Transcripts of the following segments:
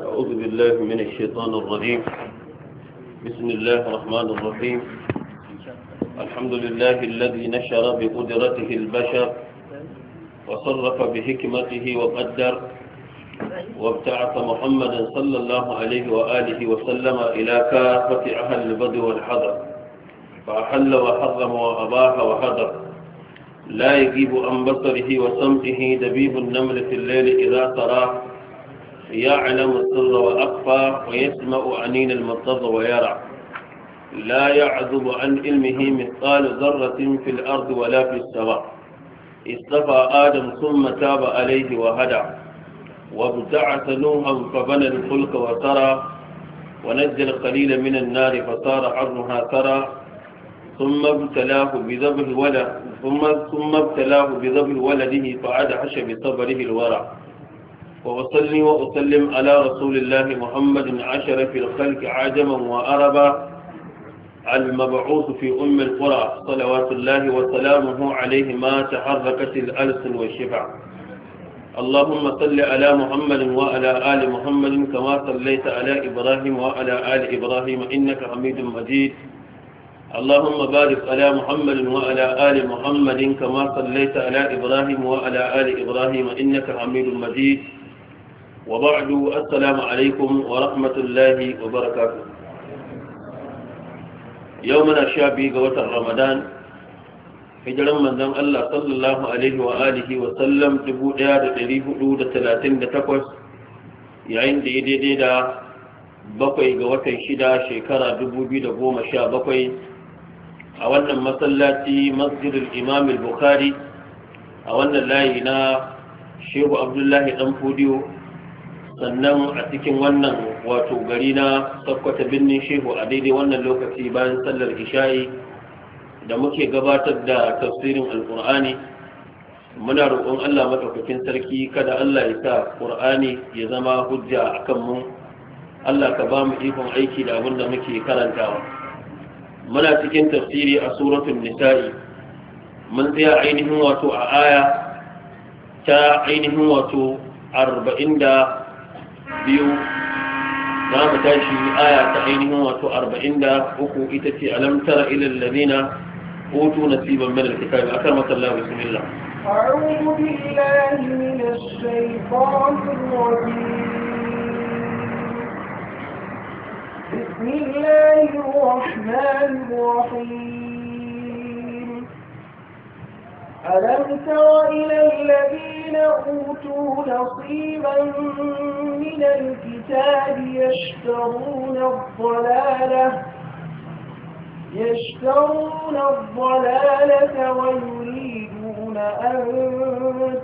أعوذ بالله من الشيطان الرجيم بسم الله الرحمن الرحيم الحمد لله الذي نشر بقدرته البشر وصرف بحكمته وقدر وابتعث محمدا صلى الله عليه وآله وسلم إلى كافة أهل البدو والحضر فأحل وحرم وأباح وحضر لا يجيب عن بصره وسمعه دبيب النمل في الليل إذا تراه يعلم السر وأخفى ويسمع أنين المضطر ويرى لا يعذب عن علمه مثقال ذرة في الأرض ولا في السماء اصطفى آدم ثم تاب عليه وهدى وابتعث نوحا فبنى الخلق وترى ونزل قليلا من النار فصار عرها ترى ثم ابتلاه بذبح ولد ثم ثم ابتلاه بذبح ولده فعاد عش بصبره الورع وأصلي وأسلم على رسول الله محمد عشر في الخلق عجما وأربا المبعوث في أم القرى صلوات الله وسلامه عليه ما تحركت الألس والشفع اللهم صل على محمد وعلى آل محمد كما صليت على إبراهيم وعلى آل إبراهيم إنك حميد مجيد اللهم بارك على محمد وعلى آل محمد كما صليت على إبراهيم وعلى آل إبراهيم إنك حميد مجيد وبعد السلام عليكم ورحمة muna sha biyu ga watan Ramadan, hijiran manzon Allah sallallahu alaihi wa alihi wa sallam 1438 yayin da ya daidai da bakwai ga watan shida shekara 2017 a wannan masallaci masjidul Imamil bukhari a wannan layi na shehu abdullahi dan fudiyo sannan a cikin wannan wato gari na sakwata birnin shehu a daidai wannan lokaci bayan sallar isha'i da muke gabatar da tafsirin alkur'ani muna roƙon allah maɗaukakin sarki kada allah ya sa ƙur'ani ya zama hujja a kan mu allah ka ba mu ikon aiki da abin da muke karantawa muna cikin tafsiri a suratun nisa'i mun tsaya ainihin wato a aya ta ainihin wato arba'in da biyu za mu tashi aya ta ainihin wato arba'in da uku ita ce alam tara ilal ladina utu nasiban min alkitabi akrama sallahu bismillah أعوذ بالله من الشيطان الرجيم بسم الله الرحمن الرحيم ألم تر إلى الذين أوتوا نصيبا من الكتاب يشترون الضلالة يشترون الضلالة ويريدون أن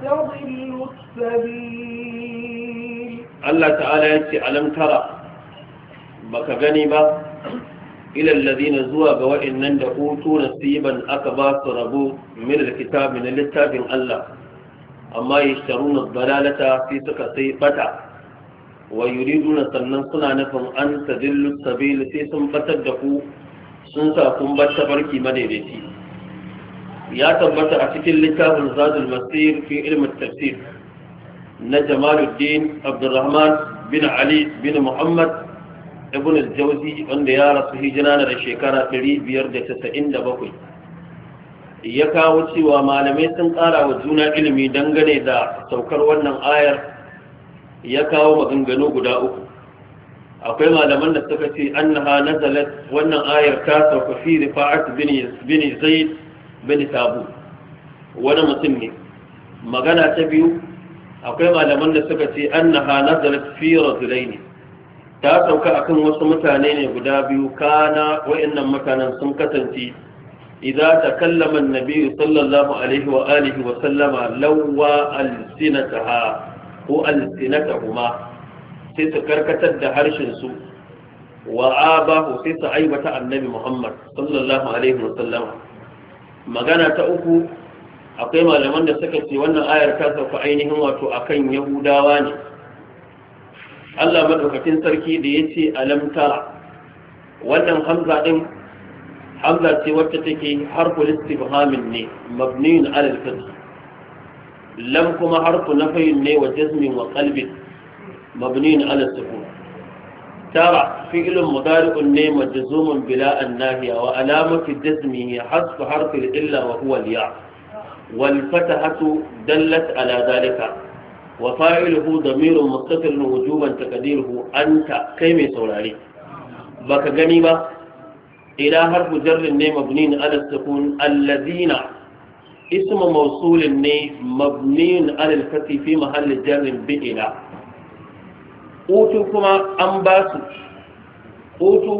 تضلوا السبيل الله تعالى يقول ألم ترى بك غني ilal ladina zuwa ga waɗannan da utu nasiban aka ba su rabu min alkitabi na littafin Allah amma yashtaruna dalalata sai suka sai bata wa yuriduna sannan suna nufin an tadillu sabili sai sun batar da ku sun sa kun bar barki madaidaici ya tabbata a cikin littafin zadul masir fi ilmin tafsir na jamaluddin abdurrahman bin ali bin muhammad ibn al-jawzi wanda ya rasu hijira da shekara 597 ya kawo cewa malamai sun ƙara wa juna ilimi dangane da saukar wannan ayar ya kawo maganganu guda uku akwai malaman da suka ce annaha nazalat wannan ayar ta sauka fi rifa'at bin zaid bin tabu wani mutum ne magana ta biyu akwai malaman da suka ce annaha nazalat fi rajulaini ta sauka akan wasu mutane ne guda biyu kana wayannan mutanen sun kasance idza takallama an-nabi sallallahu alaihi wa alihi wa sallama lawwa al-sinataha ko al-sinatahuma sai su karkatar da harshen su wa abahu sai su aibata annabi Muhammad sallallahu alaihi wa sallama magana ta uku akwai malaman da suka ce wannan ayar ta sauka ainihin wato akan yahudawa ne Allah madaukakin sarki da yace alam tara wannan hamza hamza ce wacce take harful istifhamin ne mabniun alal al lam kuma harfu nafayin ne wa jazmin wa qalbin mabniun ala al-sukun ترى فعل مضارع نيم مجزوم بلا الناهية وعلامة جزمه حذف حرف إلا وهو الياء والفتحة دلت على ذلك وفاعله ضمير مستتر وجوبا تقديره أنت كيمي سولاري بك جنيبا إلى حرف جر مبني على السكون الذين اسم موصول مبني على الفتح في محل جر بإلى أوتو كما أنباسو أوتو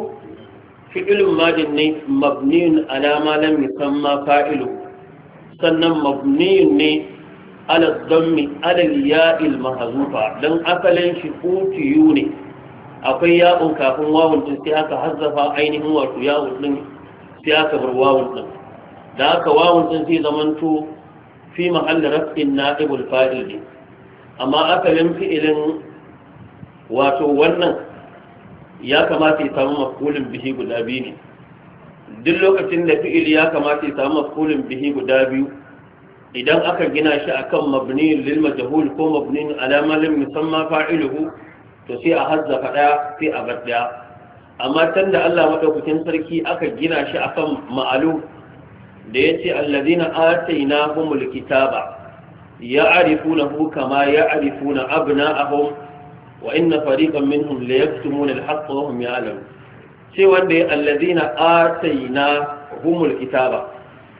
فعل ماض مبني على ما لم يسمى فاعله سنن مبني ala dhammi alal ya'il mahzufa dan asalin shi utiyu ne akwai ya'un kafin wawun din sai aka hazzafa ainihin wato ya'un din sai aka bar wawun din da aka wawun din sai zamanto fi mahall raf'in na'ibul fa'il amma asalin fi'ilin wato wannan ya kamata ya samu mafulin bihi guda biyu ne duk lokacin da fi'il ya kamata ya samu mafulin bihi guda biyu idan aka gina shi akan mabni lil jahul ko mabni ala malin fa'iluhu to sai a hazza fada sai a badda amma da Allah madaukakin sarki aka gina shi a kan ma'alu da yace alladhina atainahumul kitaba ya'rifunahu abu na abna'ahum wa inna fariqan minhum layaktumuna al-haqqa wa ya alamu. sai wanda na atainahumul kitaba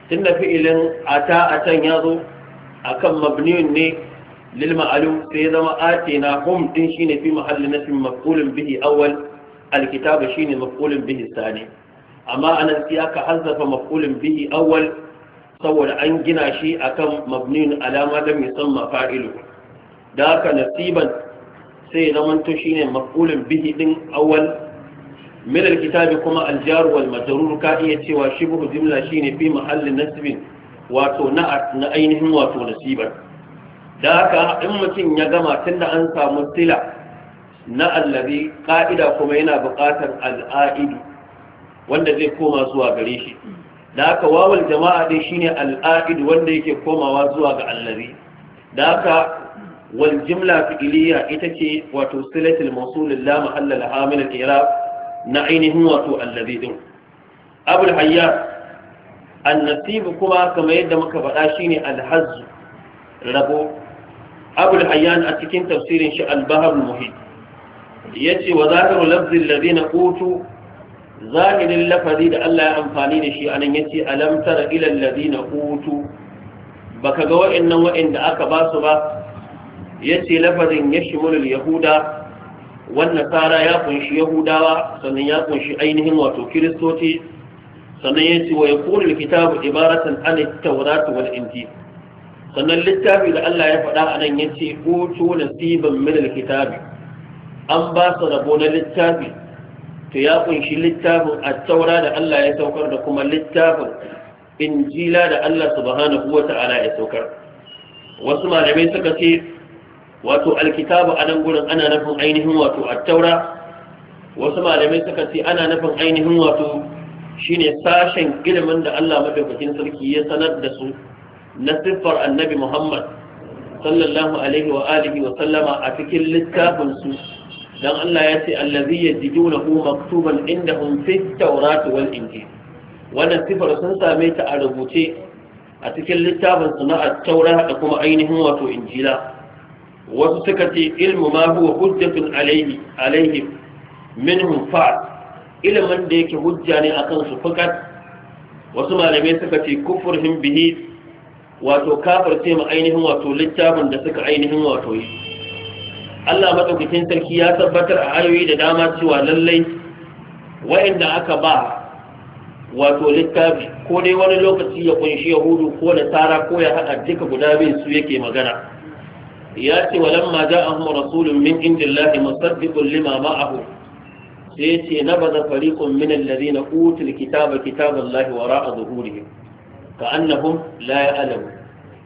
tun da fi'ilin ata a can ya zo akan mabniyun ne lil ma'alu sai zama atina hum din ne fi mahalli nasbin maf'ulun bihi awwal alkitabu shine maf'ulun bihi sani amma anan sai aka hazzafa maf'ulun bihi awal saboda an gina shi akan mabniyun alama da musamman fa'ilu da aka nasiban sai zamanto ne maf'ulun bihi din awal. Milar kitabi kuma aljar wal ka iya cewa shibhu jumla shine fi mahallin nasbin wato na ainihin wato nasibar da haka in mutum ya gama tunda an samu sila na allazi ka'ida kuma yana buƙatar al'aidu wanda zai koma zuwa gare shi da haka wawal jama'a dai shine al'aidu wanda yake komawa zuwa ga allazi da haka wal jumla ita ce wato silatil mawsul la mahalla la hamil al na ainihin wato allazi din abul hayya annasib kuma kamar yadda muka faɗa shine alhazz rabo abul hayyan a cikin tafsirin shi al-bahr muhit yace wa zahiru lafzi allazina utu zahirin lafazi da Allah ya amfani da shi anan yace alam tara ila allazina utu baka ga wa'annan wa'anda aka ba ba yace lafazin yashmulul yahuda wannan tsara ya kunshi yahudawa sannan ya kunshi ainihin wato kiristoci sannan ya ce wa ya kuri kitabu ibaratan an tauratu wal injil sannan littafi da Allah ya faɗa a nan ya ce utu nasiban min kitabi an ba su rabo na littafi to ya kunshi littafin at-taura da Allah ya saukar da kuma littafin injila da Allah subhanahu wata'ala ya saukar wasu malamai suka ce wato alkitabu a nan gurin ana nufin ainihin wato attaura wasu malamai suka ce ana nufin ainihin wato shine sashen ilimin da Allah madaukakin sarki ya sanar da su na siffar annabi Muhammad sallallahu alaihi wa alihi wa sallama a cikin littafin su dan Allah ya ce allazi yajidunahu maktuban indahum fi tawrat wal injil wannan sifar sun same ta a rubuce a cikin littafin su na at-taura da kuma ainihin wato injila wasu suka ce ilmu ma huwa hujjatun alaihi alaihi minhum fa ilimin da yake hujja ne akan su fakat wasu malamai suka ce kufurhim bihi wato ce mu ainihin wato littafin da suka ainihin wato yi Allah madaukakin sarki ya tabbatar a ayoyi da dama cewa lallai wa'inda aka ba wato littafi ko dai wani lokaci ya kunshi yahudu ko da tara ko ya haɗa duka guda biyu su yake magana ya ce za walamma ja'ahum rasulun min indillahi musaddiqun lima ma'ahu sai ce "Na nabada fariqun min alladhina utul kitaba kitaballahi wara'a zuhurihim ka annahum la ya'lamu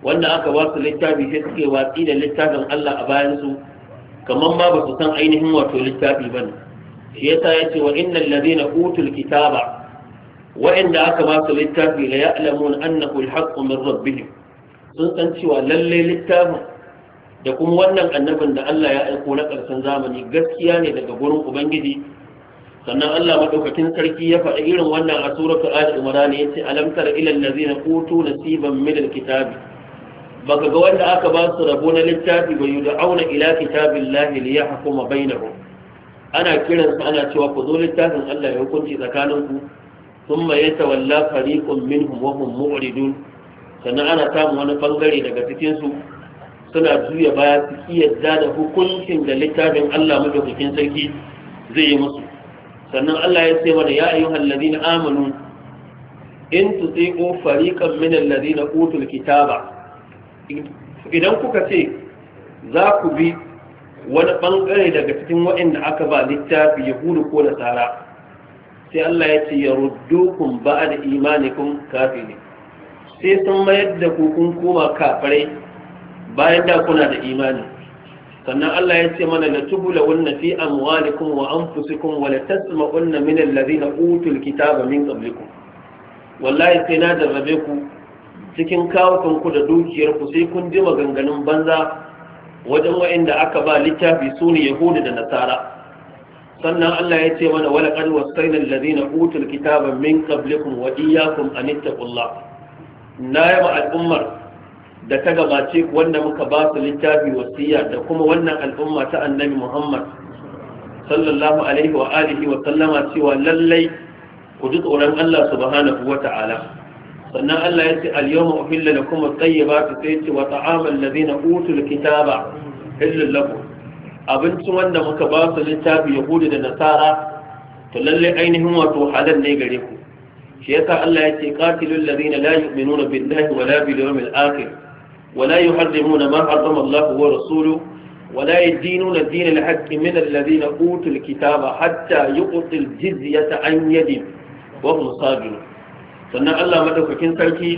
wanda aka ba su littafi sai suke watsi da littafin Allah a bayan su kamar ma ba su san ainihin wato littafi bane shi yasa ce wa innal ladhina utul kitaba wa'inda aka ba su littafi la ya'lamun annahu alhaqqu min rabbihim sun san cewa lalle littafin da kuma wannan annabin da Allah ya aiko na ƙarshen zamani gaskiya ne daga gurin ubangiji sannan Allah madaukakin sarki ya faɗi irin wannan a suratul ali imran ne yace alam tara ila allazina utu nasiban min alkitab baka ga wanda aka ba su rabo na littafi bai yud'auna ila kitabillahi liyahkuma bainahum ana kiran su ana cewa ku zo littafin Allah ya hukunci tsakaninku thumma yatawalla fariqun minhum wa hum mu'ridun sannan ana samun wani bangare daga cikin su suna juya baya su da hukuncin da littafin Allah madaukakin sarki zai yi musu sannan Allah ya ce mana ya ayyuhal ladina amanu in tutiqu fariqan min alladhina utul kitaba idan kuka ce za ku bi wani bangare daga cikin waɗanda aka ba littafi yahudu ko nasara sai Allah ya ce yaruddukum ba'da imanikum kafirin sai sun mayar da ku kun koma kafirai bayan da kuna da imani sannan Allah ya ce mana latubula wanna fi amwalikum wa anfusikum wa latasma'unna min alladhina utul kitaba min qablikum wallahi sai na jarrabe ku cikin kawukan ku da dukiyar ku sai kun ji maganganun banza wajen wa'inda aka ba littafi sune Yahuda da nasara sannan Allah ya ce mana wala qad wasayna alladhina utul kitaba min qablikum wa iyyakum an ittaqullah na yaba al'ummar da ta gabace wanda muka ba su littafi wasiya da kuma wannan al'umma ta annabi Muhammad sallallahu alaihi wa alihi wa sallama cewa lallai ku ji tsoron Allah subhanahu wa ta'ala sannan Allah ya ce al-yawma uhilla lakum at-tayyibatu sai ce wa ta'amul ladina utul kitaba illal lakum abinci wanda muka ba su littafi yahudi da nasara to lallai ainihin wato halal ne gare ku shi yasa Allah ya ce qatilul ladina la yu'minuna billahi wa la bil yawmil akhir ولا يحرمون ما حرم الله ورسوله ولا يدينون الدين الحق من الذين أوتوا الكتاب حتى يقطي الجزية عن يد وهم صاغرون sannan Allah madaukakin sarki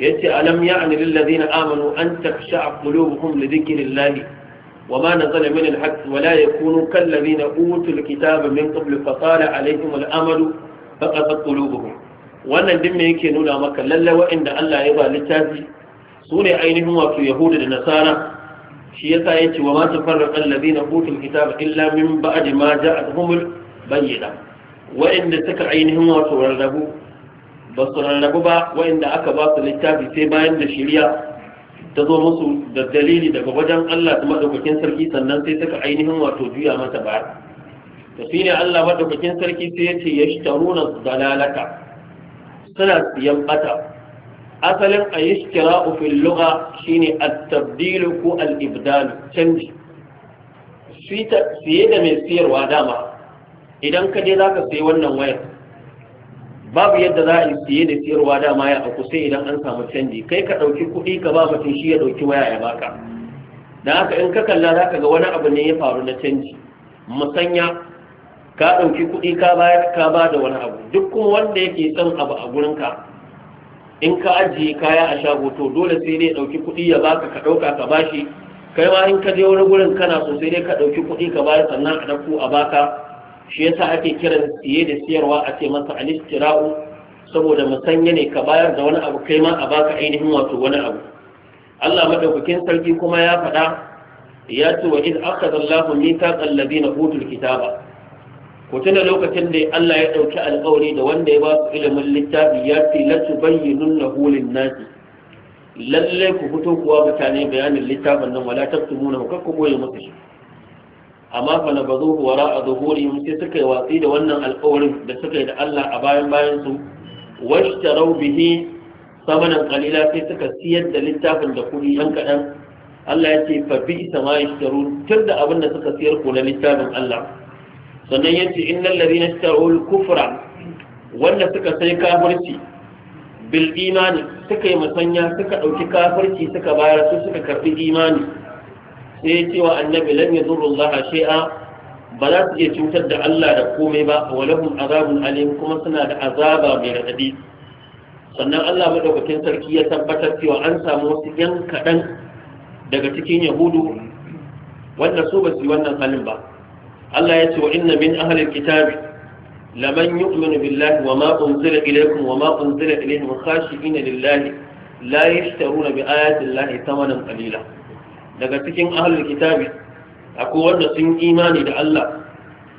yace alam ya'ni lil ladina amanu an takhsha'a qulubuhum li dhikrillah wama nazala min al-haqq wa la yakunu kal ladina utul kitaba min qabl fa tala alayhim al-amalu faqasat qulubuhum wannan din me yake nuna maka lalle wa'inda Allah ya ba littafi su ne ainihin wato yahuda da nasara shi yasa ya ce wa ma tafarraqal na hutun kitaba illa min ba'di ma ja'atuhumul bayyana. wa'inda suka ainihin wato rarrabu ba su rarrabu ba wa'inda aka ba su littafi sai bayan da shirya ta zo musu da dalili daga wajen Allah ta maɗaukakin sarki sannan sai suka ainihin wato juya mata baya to ne Allah maɗaukakin sarki sai ya ce yashtaruna dalalaka suna siyan bata asalin a yi shikira ofin luga ne a tabdilu ko al-ibdalu canji siye da mai siyarwa dama idan ka je za ka sai wannan wayar babu yadda za a yi siye da siyarwa dama ya aku sai idan an samu canji kai ka ɗauki kuɗi ka ba mutum shi ya ɗauki waya ya baka da haka in ka kalla za ka ga wani abu ne ya faru na canji musanya ka ɗauki kuɗi ka bayar ka ba da wani abu duk kuma wanda yake son abu a gurinka in ka ajiye kaya a shago to dole sai dai ɗauki kuɗi ya baka ka ɗauka ka bashi kai ma in ka je wani gurin kana so sai dai ka ɗauki kuɗi ka bayar sannan a dauko a baka shi yasa ake kiran siye da siyarwa a ce masa alistira'u saboda musanya ne ka bayar da wani abu kai ma a baka ainihin wato wani abu Allah madaukakin sarki kuma ya faɗa ya ce wa iz akhadha Allahu mithaqal ladina utul kitaba ku tuna lokacin da Allah ya ɗauki alƙawari da wanda ya ba su ilimin littafi ya ce la tubayyinun lahu lin-nasi lalle ku fito kuwa mutane bayanin littafin nan wala taktumuna ku kakku boye musu shi amma fa na bazu wara a zuhuri sai suka yi watsi da wannan alƙawarin da suka yi da Allah a bayan bayan su washtarau bihi samanan qalila sai suka siyar da littafin da kuɗi ɗan kaɗan Allah ya ce fa bi sama tun da abin da suka siyar ku na littafin Allah sannan ya ce innan lalina shtarul kufra wanda suka sai kafirci bil imani suka yi musanya suka ɗauki kafirci suka bayar su suka karfi imani sai ya ce wa annabi lam yadurullaha shi'a ba za su iya cutar da Allah da komai ba a lahum azabun alim kuma suna da azaba mai raɗaɗi. sannan Allah maɗaukakin sarki ya tabbatar cewa an samu wasu yan kaɗan daga cikin yahudu wanda su ba su yi wannan halin ba Allah ya ce wa inna min ahlil kitabi laman yu'minu billahi wa ma unzila ilaykum wa ma unzila ilayhim khashi'ina lillahi la yashtaruna bi ayati llahi thamanan qalila daga cikin ahlul kitabi akwai wanda sun imani da Allah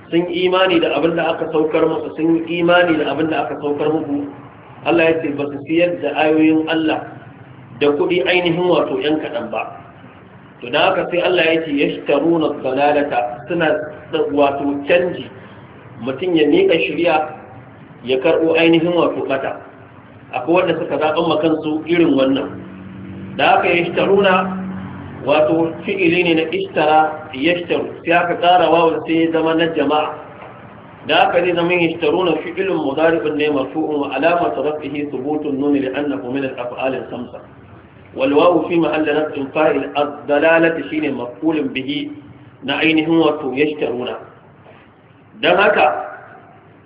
sun imani da abin da aka saukar musu sun imani da abin da aka saukar muku Allah ya ce ba su siyar da ayoyin Allah da kuɗi ainihin wato ‘yan kaɗan ba. To da haka sai Allah ya ce ya shitaruna dalalata suna wato canji mutum ya miƙa shirya ya karɓo ainihin wato ɓata akwai wanda suka zaɓen makansu irin wannan da aka yi shtaruna wato fi'ili ne na ishtara yashtaru sai aka tsara wawan sai ya zama na jama'a da aka zai zama yashtaruna fi'ilun mudari'un ne alama wa alamatu rafihi thubutun nuni li'annahu min al-af'al al-khamsa wal wawu fi mahalli rafin fa'il ad shine maf'ulun bihi na ainihin wato ya yashtaruna don haka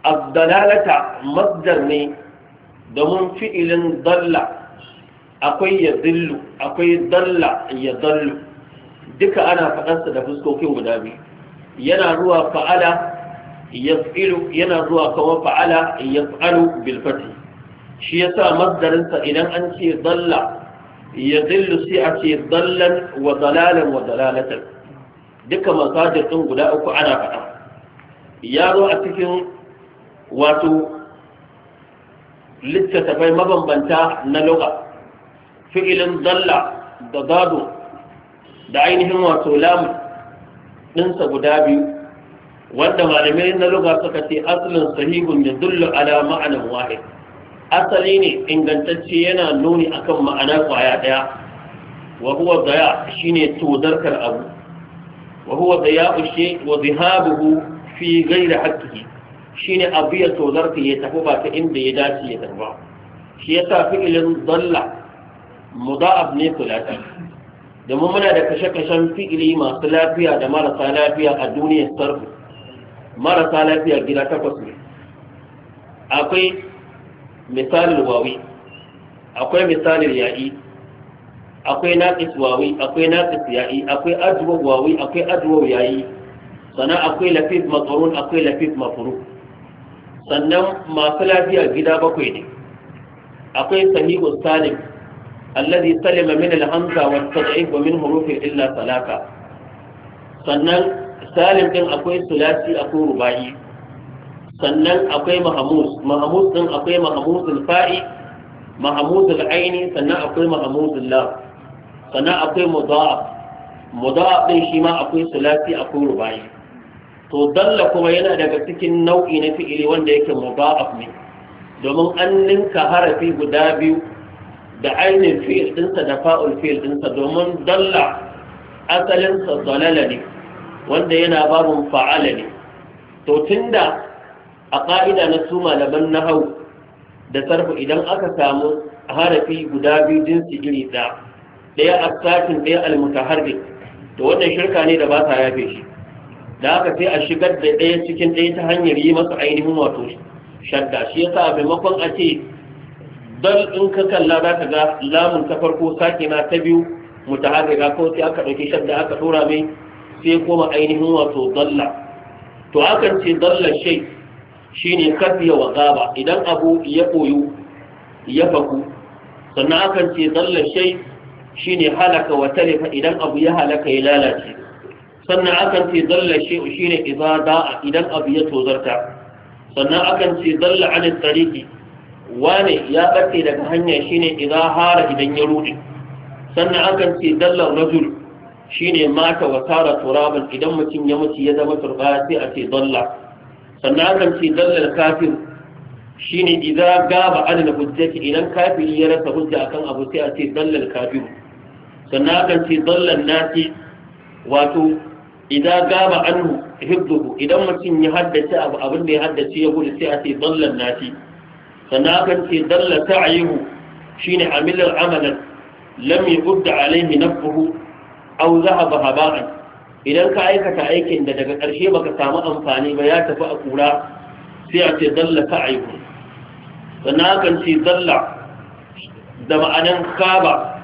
abdalalata masdar ne domin fi'ilin dalla akwai ya zillu akwai dalla ya zallu duka ana faɗansa da fuskokin guda biyu yana zuwa fa'ala yaf'ilu yana zuwa kuma fa'ala yaf'alu bil fathi shi yasa masdarinsa idan an ce dalla ya zillu sai a ce dallan wa dalalan wa dalalatan duka masajir ɗin guda uku ana faɗa ya zo a cikin wato littattafai mabambanta na lugha fi'ilin dalla da dado da ainihin wato lamu ɗinsa guda biyu wanda malamai na lugha suka ce asalin sahihun da dullu ala ma'anin wahid asali ne ingantacce yana nuni akan ma'ana kwaya ɗaya wa huwa daya shine tudarkar abu wa huwa daya'u shay wa dhahabuhu fi ghairi haqqihi shine abu ya tozarta ya tafi ba ta inda ya dace ya tafi ba shi yasa fi'ilin dalla muda'af ne kulati domin muna da kashe-kashen fi'ili masu lafiya da marasa lafiya a duniyar sarfi marasa lafiya gida takwas ne akwai misalin wawi akwai misalin ya'i akwai naqis wawi akwai naqis ya'i akwai ajwa wawi akwai ajwa ya'i sannan akwai lafif maqrun akwai lafif mafru sannan masu lafiya gida bakwai ne akwai sahihu salim alladhi salima min al-hamza wa tad'if wa min hurufi illa salaka sannan salim din akwai sulasi akwai rubai sannan akwai mahamus mahamus din akwai mahamusul fa'i mahamusul aini sannan akwai mahamusul la sannan akwai mudaf mudaf din shi ma akwai sulasi akwai rubai to dalla kuma yana daga cikin nau'i na fi'ili wanda yake mudaf ne domin an ninka harafi guda biyu da ainihin fi'il dinsa da fa'ul fi'il dinsa domin dalla asalinsa zalala ne wanda yana babin fa'ala ne to tunda a ƙa'ida na su malaman nahau da sarfa idan aka samu harafi guda biyu jinsi iri ɗaya ɗaya asatin ɗaya almutaharrik da wannan shirka ne da ba ta yafe shi da aka sai a shigar da ɗaya cikin ɗaya ta hanyar yi masa ainihin wato shadda shi yasa a maimakon a ce dal in ka kalla za ka ga lamun ta farko na ta biyu mutaharrika ko sai aka ɗauki shadda aka ɗora mai sai koma ainihin wato dalla to akan ce dalla shai ne kafiya wa gaba idan abu ya koyu ya faku sannan akan ce dalla shai ne halaka wa talifa idan abu ya halaka ya lalace sannan akan ce dalla shi shine idza da'a idan abu ya tozarta sannan akan ce dalla an tsariki, wane ya bace daga hanya shi ne idza hara idan ya rude sannan akan ce dalla rajul ne mata wa tara turaban idan mutum ya mutu ya zama turba sai a ce dalla sannan akan ce dalla kafir shine idza gaba an hujjati idan kafiri ya rasa hujja akan abu sai a ce dalla kafir sannan akan ce zallan nasi wato idan gaba anhu hibduhu idan mutum ya haddace abu abin da ya haddace ya gudu sai a ce dallan nasi sannan akan ce shi ne a amilar amalan lam yudda alaihi nafsuhu aw zahaba haba'an idan ka aikata aikin da daga ƙarshe baka samu amfani ba ya tafi a kura sai a ce dalla ta'ayuhu sannan akan ce zalla da ma'anan kaba.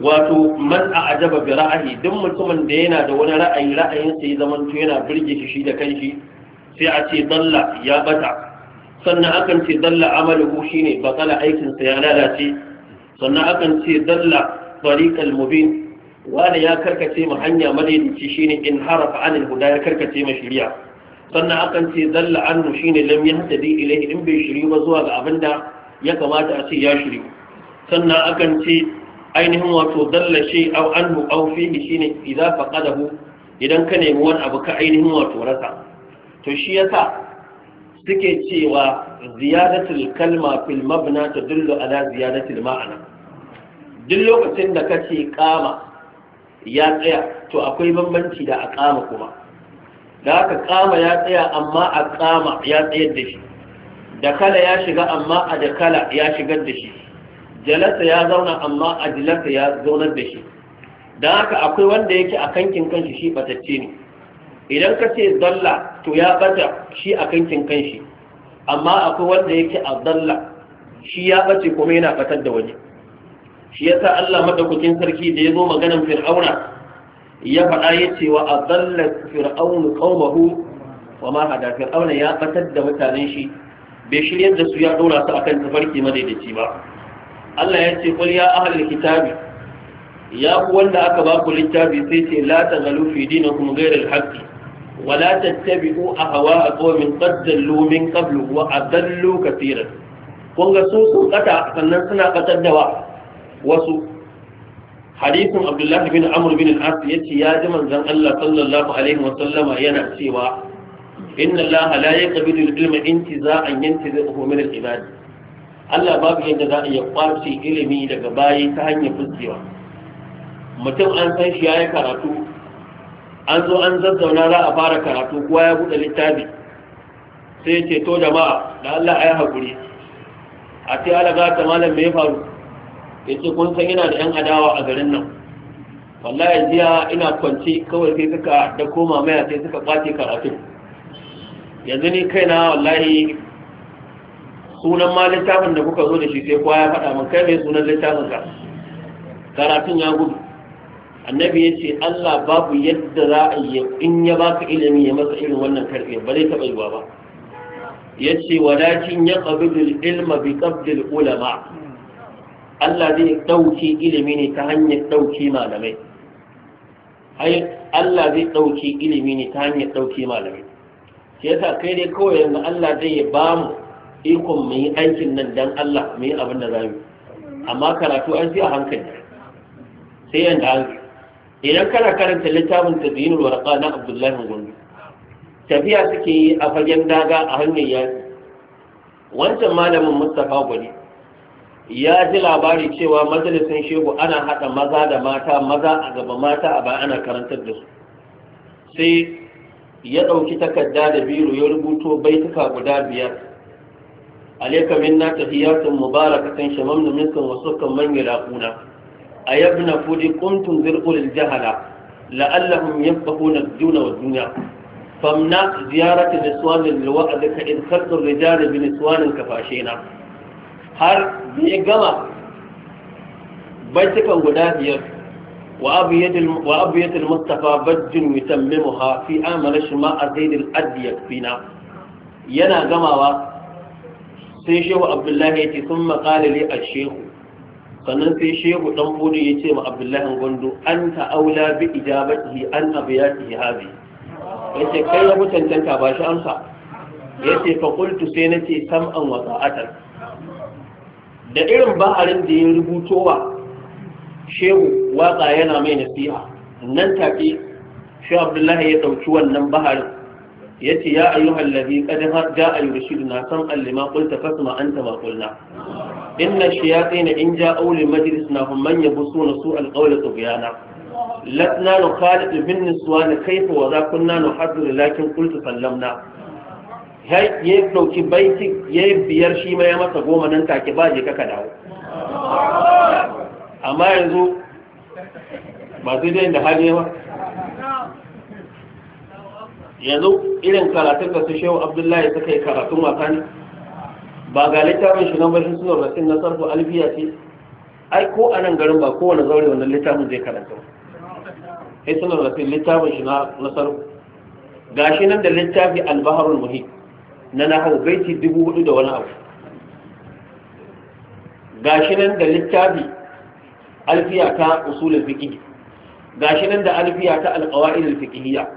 wato man a ajaba bi ra'ayi duk mutumin da yana da wani ra'ayi ra'ayin sai zaman to yana birge shi da kanshi sai a ce dalla ya bata sannan akan ce dalla amaluhu shine batala aikin sa ya lalace sannan akan ce dalla tariqal mubin wani ya karkace ma hanya madaidaici shine in harafa anil huda ya karkace ma shari'a sannan akan ce dalla annu shine lam yahtadi ilayhi in bai shiri ba zuwa ga abinda ya kamata a ce ya shiri sannan akan ce ainihin wato dalla shi aw anhu au fihi shine idza faqadahu idan ka nemi wani abu ka ainihin wato rasa to shi yasa suke cewa ziyadatul kalma fil mabna tadullu ala ziyadatul ma'ana duk lokacin da kace qama ya tsaya to akwai bambanci da aqama kuma da haka qama ya tsaya amma aqama ya tsayar da shi Da kala ya shiga amma a da kala ya shigar da shi jalasa ya zauna amma ajilarsa ya zaunar da shi don haka akwai wanda yake a kankin kanshi shi batacce ne idan ka ce zalla to ya bata shi a kankin kanshi amma akwai wanda yake a zalla shi ya bace kuma yana batar da wani shi yasa Allah madaukakin sarki da ya zo maganan fir'auna ya faɗa ya ce wa a zalla fir'aunu qaumahu wa ma hada fir'auna ya batar da mutanen shi bai shirya da su ya ɗora su akan tafarki madaidaici ba Allah ya ce qul ya ahlul kitabi ya ku wanda aka ba ku littafi sai ce la taghalu fi dinakum ghayra al-haqqi wa la tattabi'u ahwa'a qawmin qad dallu min qablu wa adallu katiran kun ga su sun kata sannan suna katar da wa wasu hadisin abdullahi bin amr bin al-as yace ya ji manzon Allah sallallahu alaihi wa sallama yana cewa inna Allah la yaqbidu al-ilma intiza'an yantizahu min al ibadi. Allah babu yadda za a iya kwace ilimi daga bayi ta hanyar fuskewa mutum an san shi ya yi karatu an zo an zazzauna za a fara karatu kuwa ya buɗe littafi sai ya ceto to jama'a da Allah a yi haƙuri a ce ala ga ta malam me faru ya ce kun san ina da yan adawa a garin nan wallahi jiya ina kwance kawai sai suka da koma maya sai suka ƙwace karatu. yanzu ni kaina wallahi sunan ma littafin da kuka zo da shi sai kowa ya faɗa min kai mai sunan littafin ka karatun ya gudu annabi ya ce Allah babu yadda za a yi in ya baka ilimi ya masa irin wannan karfi ba zai taɓa yiwa ba ya ce wadakin ya ƙabidul ilma bi ƙabdil ulama Allah zai ɗauki ilimi ne ta hanyar ɗauki malamai Allah zai ɗauki ilimi ne ta hanyar ɗauki malamai shi yasa kai dai kawai yanzu Allah zai ya ba mu ikon mu aikin nan dan Allah mu abin da za mu amma karatu an a hankali sai yanda hankali idan kana karanta littafin tabiinul warqa na Abdullahi Gondo tafiya suke yi a fagen daga a hanyar yaki wancan malamin mustafa Gwani ya ji labari cewa majalisin shehu ana haɗa maza da mata maza a gaba mata a ba ana karantar da su sai ya ɗauki takarda da biro ya rubuto baituka guda biyar عليك منا تحيات مباركة شممنا منكم وسكا من يلاقونا أي ابن فودي قم تنذر أولي الجهل لعلهم يفقهون الدون والدنيا فامنع زيارة نسوان لوعدك إن خلق الرجال بنسوان كفاشينا har da ya gama baitukan guda biyar wa abiyatul mustafa bajjin mutammimuha fi amalashi ma a zaidul addi yakfina yana gamawa sai shehu abdullahi ya ce sun a shehu sannan sai shehu ɗan Bude ya ce ma abdullahi gondo an ta'aula bi ijabatihi an abiyatihi habi ya ce kai ya mutuntanta ba shi amsa ya ce fa sai na ce sam'an wa sa'atan da irin baharin da ya rubuto wa shehu waka yana mai nasiha nan take shi abdullahi ya ɗauki wannan baharin Ya ce ya ayyuhal ladhi qad jaa na san allima qulta fasma anta ma qulna inna shayatin in ja ja'u li na hum man yabsuna su'al qawli tubyana latna nukhalidu bin niswan kayfa wa za kunna nuhaddu lakin qultu sallamna ya dauki baiti ya biyar shi ma ya masa goma nan take ba je kaka dawo amma yanzu ba zai da hali ba yanzu irin karatun da su shehu abdullahi suka yi karatun wata ne ba ga littafin shi nan bashin suna rasin na sarfu alfiya ce ai ko a nan garin ba kowane zaure wannan littafin zai karanta sai suna rasin littafin shi na sarfu shi nan da littafi albaharul muhi na hau baiti dubu hudu da wani abu Ga shi nan da littafi alfiya ta usulul fiqh shi nan da alfiya ta alqawaid al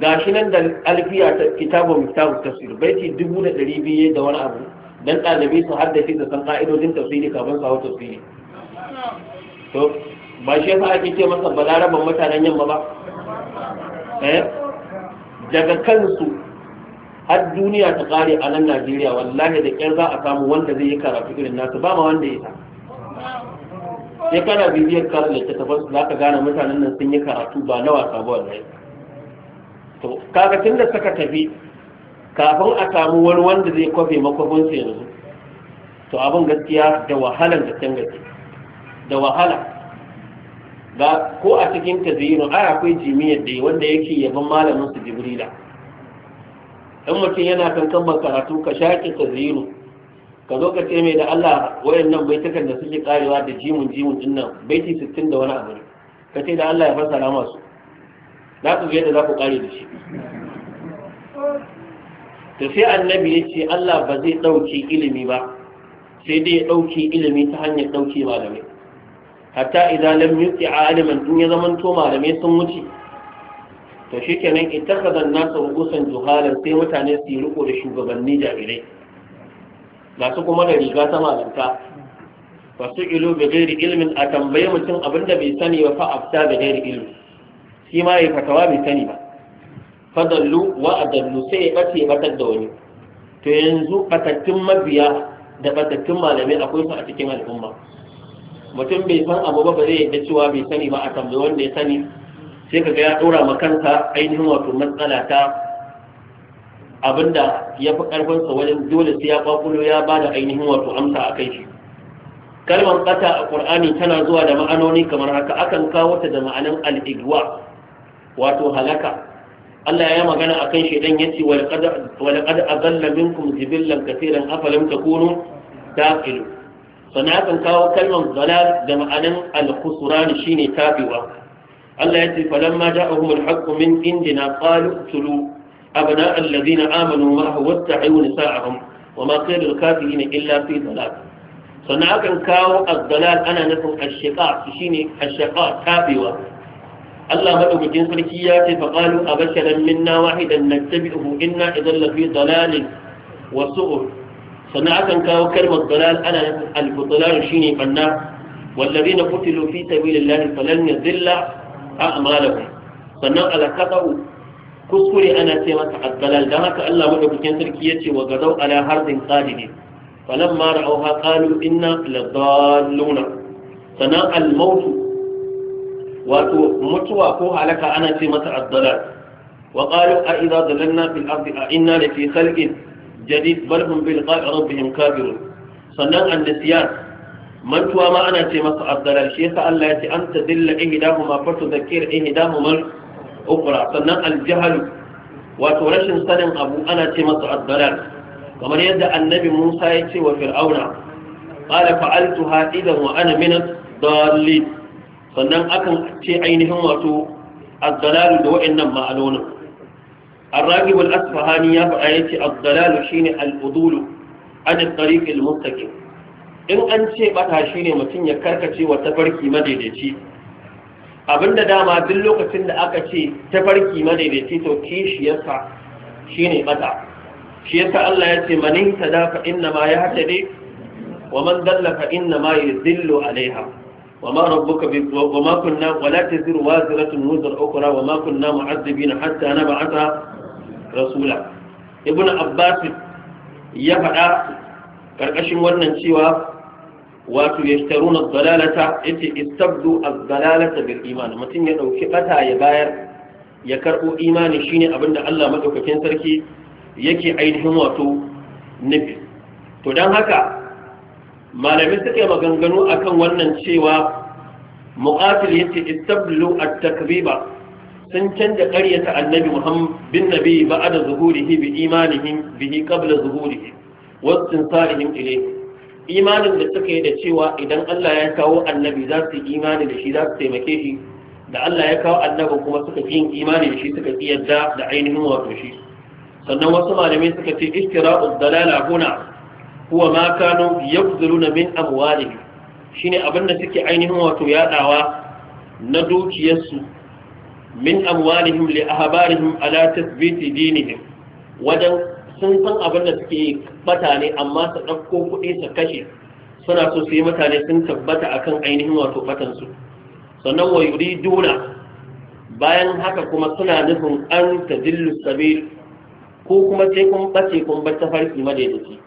gashi nan da alfiya ta kitabu miftahu tafsir baiti dubu da da wani abu dan ɗalibi su haddace da san ka'idodin tafsiri kafin su hau tafsiri to ba shi yasa ake ce masa balaraban mutanen yamma ba eh daga kansu har duniya ta kare a nan Najeriya wallahi da kyar za a samu wanda zai yi karatu irin nasu ba ma wanda ya sai kana bibiyar karin littattafan su za ka gane mutanen nan sun yi karatu ba na wasa ba wallahi to kaga tunda suka tafi kafin a samu wani wanda zai kwafe makwafin su yanzu to abin gaskiya da wahalan da can gaske da wahala ga ko a cikin tazino ai akwai jimiyyar da wanda yake yaban malamin su jibrila in mutum yana kankan karatu ka shaƙi tazino ka zo ka ce mai da Allah wayannan baitukan da suke karewa da jimun jimun dinnan nan baiti 60 da wani abu ne. ka ce da Allah ya fassara masu za ku yadda za ku kare da shi to sai annabi ya ce Allah ba zai ɗauke ilimi ba sai dai ya ɗauke ilimi ta hanyar ɗauke malamai hatta idan lam yuti aliman in ya zaman to malamai sun wuce to shikenan ittakhadha an-nasu rukusan juhalan sai mutane su yi riko da shugabanni jabirai ga kuma da riga ta malanta wasu ilo bi ghairi ilmin a tambaye mutum abinda bai sani ba fa afta bi ghairi ilmi shi ma ya fatawa bai sani ba fadallu wa adallu sai ya bace ya batar da wani to yanzu batattun mabiya da batattun malamai akwai su a cikin al'umma mutum bai san abu ba zai yadda cewa bai sani ba a tambayi wanda ya sani sai ya dora ma kansa ainihin wato matsala ta abinda ya fi sa wajen dole sai ya kwakulo ya ba da ainihin wato amsa a kai shi kalmar kata a ƙur'ani tana zuwa da ma'anoni kamar haka akan kawo ta da ma'anin al'igwa wato halaka Allah ya magana akan shedan yace wal qad wal qad azalla minkum zibillan katiran afalam takunu daqilu sannan kan kawo kalmar zalal da ma'anan al-khusran shine tabiwa Allah yace falamma ja'ahum al-haqqu min indina qalu tulu abna alladhina amanu ma huwa ta'iu nisa'ahum وما قيل الكافرين إلا في ضلال sannan kan kawo azzalal ana nufin ashiqa shine ashiqa tabewa Allah madaukakin sarki ya ce fa qalu abasharan minna wahidan nattabi'uhu inna idan lafi dalalin wasu su'ur sannan akan kawo kalmar dalal ana al-futlan shine banna wallazina qutilu fi sabilillahi falan yadhilla a'malahum sannan al-qata'u kuskure ana ce masa ad-dalal dan haka Allah madaukakin sarki ya ce wa gadau ala tsari hardin qadidi falamma ra'awha qalu inna ladalluna sannan al-mautu wato mutuwa ko halaka ana ce mata addalal wa qalu a idza dalalna fil ardi a inna lafi khalqin jadid bal hum bi liqa'i rabbihim kafirun sannan annasiyan mantuwa ma ana ce masa addalal shi yasa Allah ya ce an tadilla ihdahuma fa tudhakkir ihdahuma ukhra sannan aljahl wato rashin sanin abu ana ce masa addalal kamar yadda annabi Musa ya ce wa fir'auna qala fa'altuha idan wa ana min ad-dallin sannan akan ce ainihin wato azzalalu da wa'annan ma'anonin الراغب الأصفهاني فآية الضلال شين الأدول عن الطريق المستقيم إن أنت بطا شين متن يكركتي وتفركي مديدتي abinda dama duk lokacin da aka ce tafarki madaidaici to kishi yasa shine bata shi Allah ya ce manin tada fa inna ma yahtadi wa man dalla inna ma yadhillu alaiha وما ربك ب... وما كنا ولا تزر وازرة وزر أخرى وما كنا معذبين حتى نبعث رسولا ابن عباس يفعل karkashin wannan cewa wato yashtaruna dalalata yace istabdu az-dalalata bil iman mutum ya ɗauki bata ya bayar ya karbo imani shine abinda Allah madaukakin sarki yake ainihin wato nufi to dan haka malamai suka yi maganganu akan wannan cewa muqatil ce istablu at-takriba sun canza ƙaryata annabi muhammad bin nabi da zuhurihi bi imanihim bihi qabla zuhurihi wa istinsalihim ilayhi imanin da suka yi da cewa idan Allah ya kawo annabi za su yi imani da shi za su taimake shi da Allah ya kawo Annabi kuma suka yin imani da shi suka yadda da ainihin wato shi sannan wasu malamai suka ce istira'u dalala huna huwa ma kanu yabzuluna min amwalihim shine abinda suke ainihin wato yadawa na dukiyarsu min amwalihim li ahbarihim ala tathbiti dinihim wajen sun san abinda suke bata ne amma su dauko kuɗi su kashe suna so su yi mutane sun tabbata akan ainihin wato batan su sannan wa yuriduna bayan haka kuma suna nufin an tadillu sabil ko kuma sai kun bace kun bar tafarki madaidaci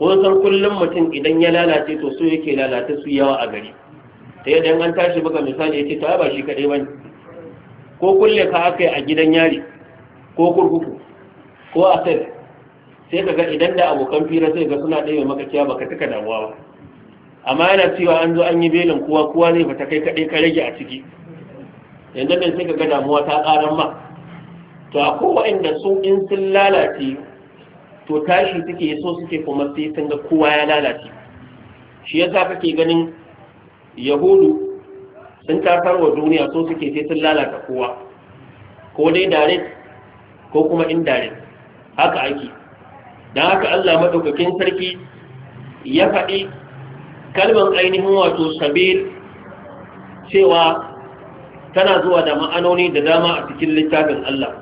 ko san kullum mutum idan ya lalace to so yake lalata su yawa a gari ta yadda an tashi buga misali ya ce ta ba shi kaɗai ba ko kulle ka aka yi a gidan yari ko kurkuku ko a sai sai ka ga idan da abokan fira sai ga suna ɗaya maka cewa baka taka damuwa ba amma yana cewa an zo an yi belin kowa kowa zai fita kai kaɗai ka rage a ciki yanzu ne sai ka ga damuwa ta ƙaran ma to a kowa inda su in sun lalace to tashi suke so suke kuma sai sun ga kowa ya lalace shi ya yasa kake ganin yahudu sun tafar wa duniya so suke sai sun lalata kowa ko dai direct ko kuma indirect haka ake don haka Allah maɗaukakin sarki ya faɗi kalmar ainihin wato Sabir cewa tana zuwa da ma'anoni da dama a cikin littafin Allah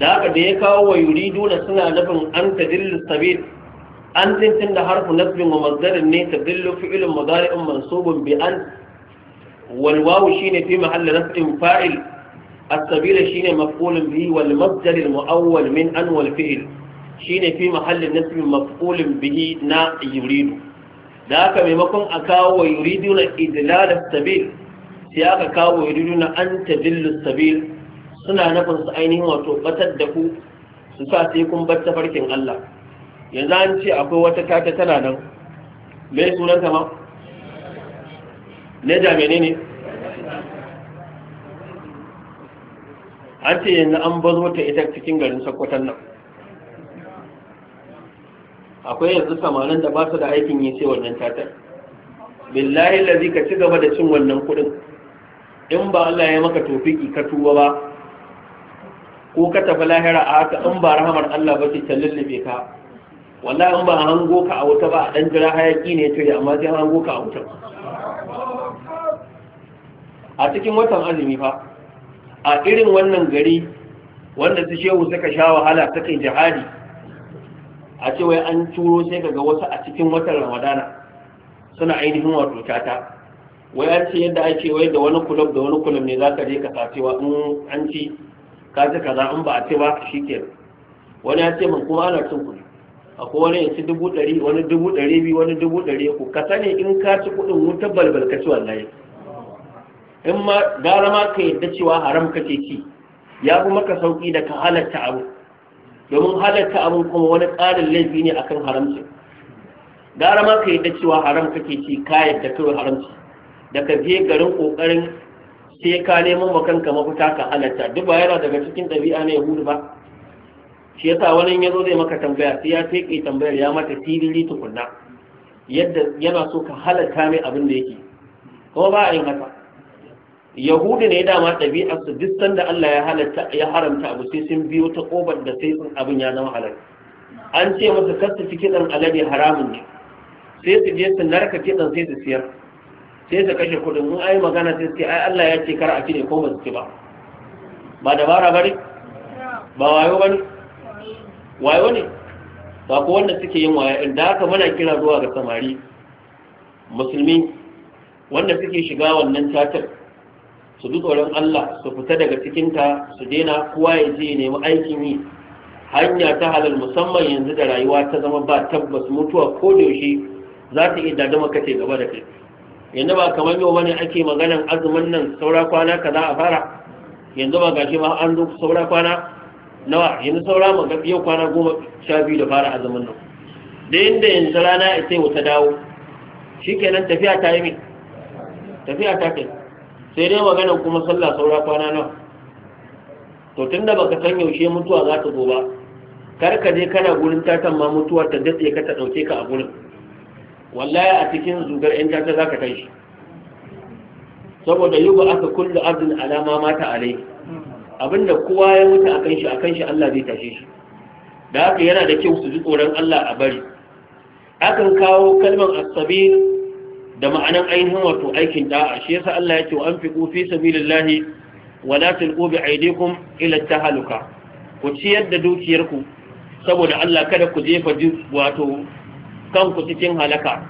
da haka da ya kawo wa yuriduna suna nufin an ta tadillu sabil an tintin da harfu nasbin wa mazdarin ne tadillu fi'ilun mudari'un mansubun bi an wal wawu shine fi mahalli nasbin fa'il as-sabil shine maf'ulun bihi wal masdar al mu'awwal min an wal fi'il ne fi mahalli nasbin mafulin bihi na yuridu da haka maimakon a kawo wa yuriduna idlal as-sabil sai aka kawo wa na an tadillu as-sabil suna nufin su ainihin wato batar da ku su sa sai kun bar tafarkin Allah yanzu an ce akwai wata kata tana nan me sunan ta ma ne da menene an ce yanzu an bazo ta ita cikin garin sakwatan nan akwai yanzu samanin da ba su da aikin yi sai wannan tatar billahi lazi ka ci gaba da cin wannan kudin in ba Allah ya maka tofiki ka tuba ba ko ka tafi lahira a haka in ba rahamar Allah ba ce ta lullube ka wallahi in ba a hango ka a wuta ba a dan jira hayaki ne to amma sai hango ka a wuta a cikin watan azumi fa a irin wannan gari wanda su shehu suka sha wahala ta kai jihadi a ce wai an turo sai kaga wasu a cikin watan ramadana suna ainihin wato tata wai an ce yadda ake wai da wani kulub da wani kulub ne za ka je ka sacewa in an ci ka ji kaza in ba a ce ba shi ke wani ya ce min kuma ana cin kuɗi akwai wani ya ci dubu ɗari wani dubu ɗari biyu wani dubu ɗari uku ka sani in ka ci kuɗin wuta balbal ka ci wallahi in ma gara ma ka yadda cewa haram kake ci ya fi maka sauƙi da ka halatta abu domin halatta abu kuma wani tsarin laifi ne akan haramci gara ma ka yadda cewa haram kake ci ka yadda kawai haramci da ka je garin ƙoƙarin sai ka nemo ma kanka mafita ka halatta duk ba yana daga cikin ɗabi'a na yahudu ba shi yasa wani ya zo zai maka tambaya sai ya feke tambayar ya mata tiriri tukunna yadda yana so ka halatta mai abin da yake kuma ba a yin haka yahudu ne dama ɗabi'ar su duk sanda Allah ya halatta ya haramta abu sai sun biyo ta ƙofar da sai sun abin ya zama halal an ce masa kasta fi kiɗan alade haramun ne sai su je su narka kiɗan sai su siyar sai ta kashe kudin mun ayi magana sai ce ai Allah ya ce kar a kire ko ba su ci ba ba dabara bari? ba wayo bane wayo ne ba ko wanda suke yin waya in da haka muna kira zuwa ga samari musulmi wanda suke shiga wannan tatar su duk tsoron Allah su fita daga cikinta su daina kowa ya je nemi aikin yi hanya ta halal musamman yanzu da rayuwa ta zama ba tabbas mutuwa ko da yaushe za ta iya dadama kace gaba da kai yanzu ba kamar yau wani ake maganan azumin nan saura kwana ka za a fara yanzu ba gashi ba an zo saura kwana nawa yanzu saura ma ga yau kwana goma sha biyu da fara azumin nan da yadda yanzu rana ya sai wata dawo shikenan tafiya ta yi tafiya ta kai sai dai maganan kuma sallah saura kwana nawa to tunda baka san yaushe mutuwa za ta zo ba kar ka je kana gurin tatan ma mutuwar ta datse ka ta dauke ka a gurin wallahi a cikin zugar yan tata za ka kai shi saboda yi ba aka kulle abin alama mata alai abinda kowa ya mutu a kan shi a kan shi Allah zai tashe shi da haka yana da kyau su ji tsoron Allah a bari akan kawo kalmar asabi da ma'anan ainihin wato aikin da'a shi yasa Allah ya ce wa an fi sabilillahi wa la tulqu bi aydikum ila tahaluka ku ciyar da dukiyarku saboda Allah kada ku jefa wato kanku cikin halaka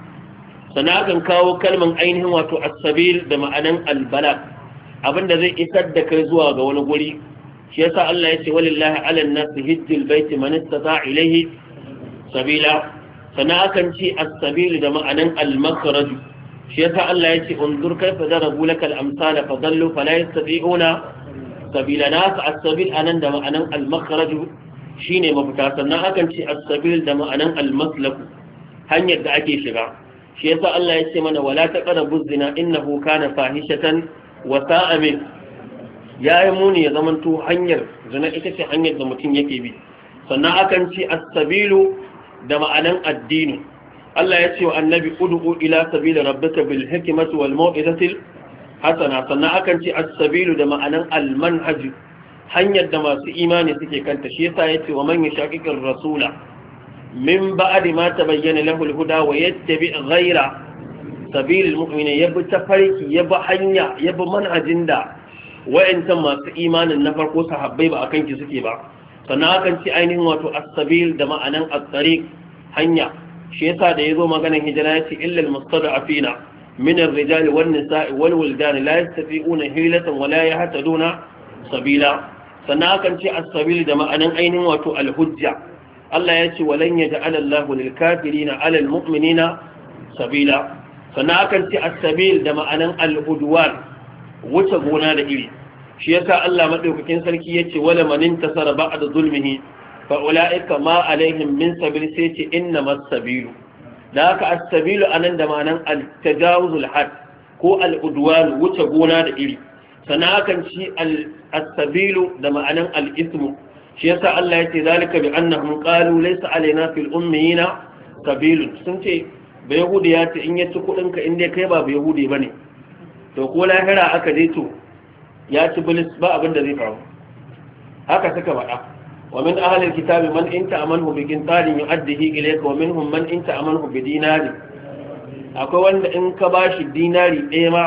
sana kan kawo kalman ainihin wato asabil da ma'anan albalak abinda zai isar da kai zuwa ga wani guri shi yasa Allah ya ce walillahi ala nasi hijjul baiti man istata ilayhi sabila sana kan ce asabil da ma'anan almakraj shi yasa Allah ya ce unzur kaifa darabu lakal amsal fa dallu fala yastati'una sabila nas asabil anan da ma'anan almakraj shine mafita sannan akan ce asabil da ma'anan almaslaku hanyar da ake shiga shi yasa Allah ya ce mana wala taqrabu zina innahu kana fahishatan wa sa'a min yayi muni ya zamanto hanyar zina ita ce hanyar da mutum yake bi sannan akan ce as-sabilu da ma'anan addini Allah ya ce wa annabi ud'u ila sabili rabbika bil hikmati wal mau'izati hasana sannan akan ce as-sabilu da ma'anan al-manhaj hanyar da masu imani suke kanta shi yasa ya ce wa man yashaqiqir rasula min ba'di ma tabayyana lahu al-huda wa yattabi ghayra sabilil mu'minin ya bi tafarki ya bi hanya ya bi manhajin da wa'ancan masu imanin na farko sahabbai ba akan ki suke ba sannan akan ci ainihin wato as-sabil da ma'anan as-tariq hanya shi yasa da zo maganar hijira yace illal mustada'afina min ar-rijal wan nisa'i wal wildan la yastati'una hilatan wa la yahtaduna sabila sannan akan ci as-sabil da ma'anan ainihin wato al-hujja Allah ya ce walan yaj'ala Allahu lil kafirina 'ala al mu'minina sabila sannan akan ce as-sabil da ma'anan al-udwan wuce gona da iri shi yasa Allah madaukakin sarki yace wala man intasara ba'da zulmihi fa ulaika ma alaihim min sabil sai ce innamas sabilu da haka as-sabilu anan da ma'anan al-tajawuzul had ko al-udwan wuce gona da iri sannan akan ci as-sabilu da ma'anan al-ithmu shi yasa Allah ya ce zalika bi annahum qalu laysa alaina fil ummiyina sabilun sun ce ba yahudi ya ce in ya ci kudin ka in kai ba ba yahudi bane to ko lahira aka je to ya ci bilis ba abin da zai faru haka suka faɗa wa min ahli alkitabi man in ta'amanhu bi qintarin yu'addihi ilayka wa minhum man in ta'amanhu bi dinari akwai wanda in ka bashi dinari ɗaya ma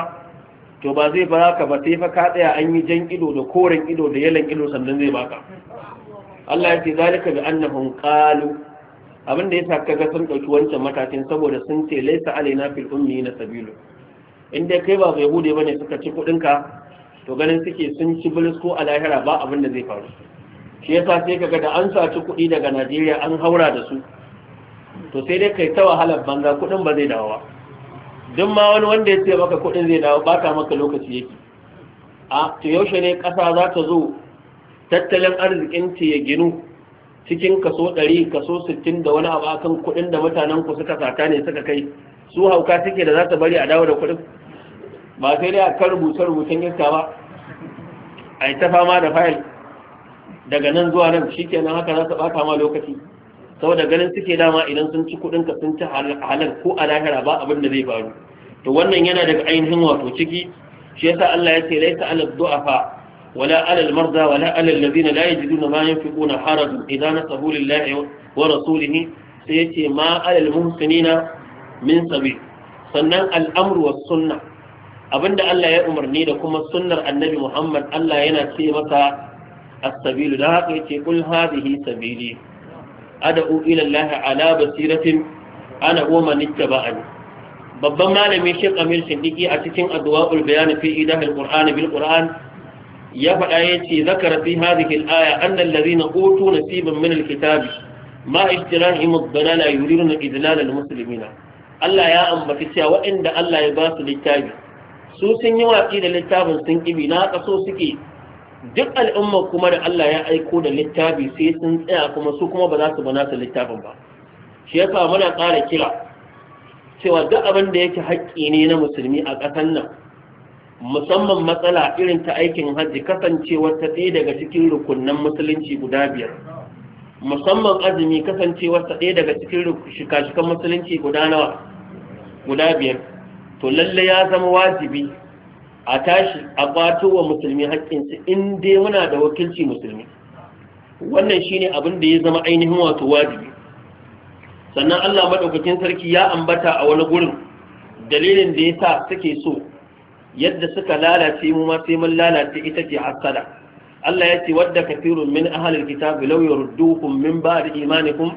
to ba zai ba ka ba sai fa ka tsaya an yi jan ido da koren ido da yalan ido sannan zai baka Allah ya ce zalika bi annahum qalu abin da yasa kaga sun dauki wancan matakin saboda sun ce laysa alaina fil ummi na sabilu inda kai ba bai bude bane suka ci kudin ka to ganin suke sun ci bilis ko a lahira ba abin da zai faru shi yasa sai kaga da an saci kudi daga Najeriya an haura da su to sai dai kai ta wahalar banza kudin ba zai dawo duk ma wani wanda ya ce maka kudin zai dawo ba ta maka lokaci yake a to yaushe ne kasa za ta zo tattalin ce ya ginu cikin kaso 100 kaso 60 da wani abu akan kuɗin da mutanen ku suka sata ne suka kai su hauka suke da za ta bari a dawo da kuɗin ba sai dai a kan rubuce-rubucen iska ba a yi ta fama da fayil daga nan zuwa nan shi kenan haka za ta ɓata ma lokaci saboda ganin suke dama idan sun ci kuɗinka sun ci halar ko a lahira ba abin da zai faru to wannan yana daga ainihin wato ciki shi yasa Allah ya ce laisa alad du'afa ولا على المرضى ولا على الذين لا يجدون ما ينفقون حرج إذا نصبوا لله ورسوله سيأتي ما على المحسنين من سبيل sannan al'amru wa abinda Allah ya umarni da kuma sunnar annabi Muhammad Allah yana ce maka as-sabilu da haka yace kul hadhihi sabili ad'u ala basiratin ana goma man ittaba'ani babban malami Sheikh Amir Siddiqi a cikin addu'aul bayani fi idah al-Qur'an bil ya faɗa ya ce zakara fi hadhihi al-aya anna alladhina utu nasiban min al-kitabi ma ijtirahim ad-dalala yuriduna idlal al-muslimina Allah ya ambaci cewa waɗanda Allah ya ba su littafi su sun yi watsi da littafin sun kibi na kaso suke duk al'umma kuma da Allah ya aiko da littafi sai sun tsaya kuma su kuma ba za su bana su littafin ba shi yasa muna ƙara kira cewa duk abin da yake haƙƙi ne na musulmi a ƙasar nan musamman matsala irin ta aikin hajji kasancewar ta ɗaya daga cikin rukunnan musulunci guda biyar musamman azumi kasancewar ta ɗaya daga cikin shika-shikan musulunci guda nawa guda biyar to lalle ya zama wajibi a tashi a ƙwato wa musulmi haƙƙinsu in dai muna da wakilci musulmi wannan shine abin da ya zama ainihin wato wajibi sannan Allah madaukakin sarki ya ambata a wani gurin dalilin da ya sa suke so yadda suka lalace mu ma sai mun lalace ita ce hasada Allah ya ce wadda kafirun min ahlil kitabi law yurdukum min ba'di imanikum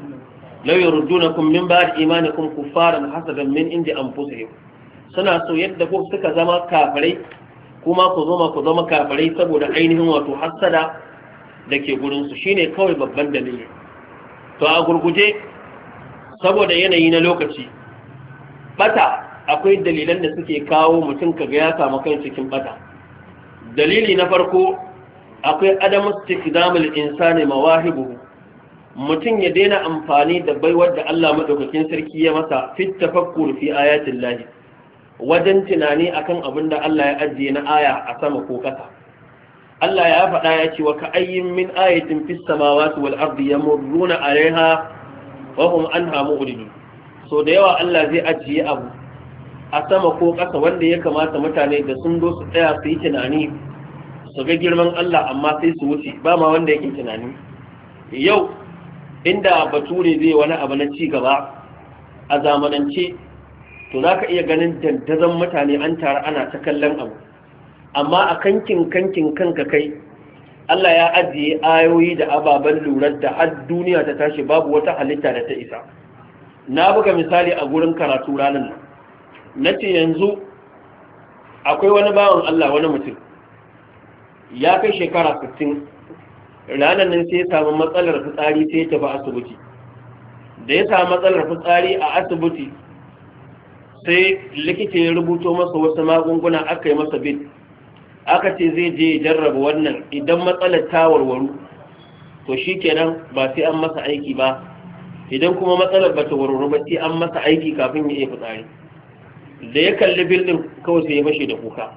law yurdunakum min ba'di imanikum kuffaran hasadan min indi anfusihim suna so yadda ku suka zama kafirai kuma ku zama ku zama kafirai saboda ainihin wato hasada da ke gurin su shine kawai babban dalili to a gurguje saboda yanayi na lokaci bata akwai dalilan da suke kawo mutum ka ga ya samu kan cikin bata dalili na farko akwai adamu tikdamul insani mawahibu mutum ya daina amfani da baiwar da Allah madaukakin sarki ya masa fit tafakkur fi ayatin lahi wajen tunani akan abin da Allah ya ajiye na aya a sama ko kasa Allah ya faɗa ya ce wa ka ayyin min ayatin fis samawati wal ardi yamurruna alaiha wa hum anha mu'ridun so da yawa Allah zai ajiye abu a sama ko ƙasa wanda ya kamata mutane da sun zo su tsaya su yi tunani su ga girman Allah amma sai su wuce ba ma wanda yake tunani yau inda bature zai wani abu na ci gaba a zamanance to za ka iya ganin dandazon mutane an tara ana ta kallon abu amma a kankin kankin kanka kai Allah ya ajiye ayoyi da ababen lura da har duniya ta tashi babu wata halitta da ta isa na buga misali a gurin karatu ranar nan na ce yanzu akwai wani bawan Allah wani mutum ya kai shekara 60 ranar nan sai ya samu matsalar fitsari sai ya tafi asibiti da ya samu matsalar fitsari a asibiti sai likita ya rubuto masa wasu magunguna aka yi masa bin aka ce zai je jarraba wannan idan matsalar ta warwaru to shi kenan ba sai an masa aiki ba idan kuma matsalar ba ta warwaru ba sai an masa aiki kafin ya yi fitsari da ya kalli bil kawai sai ya bashe da kuka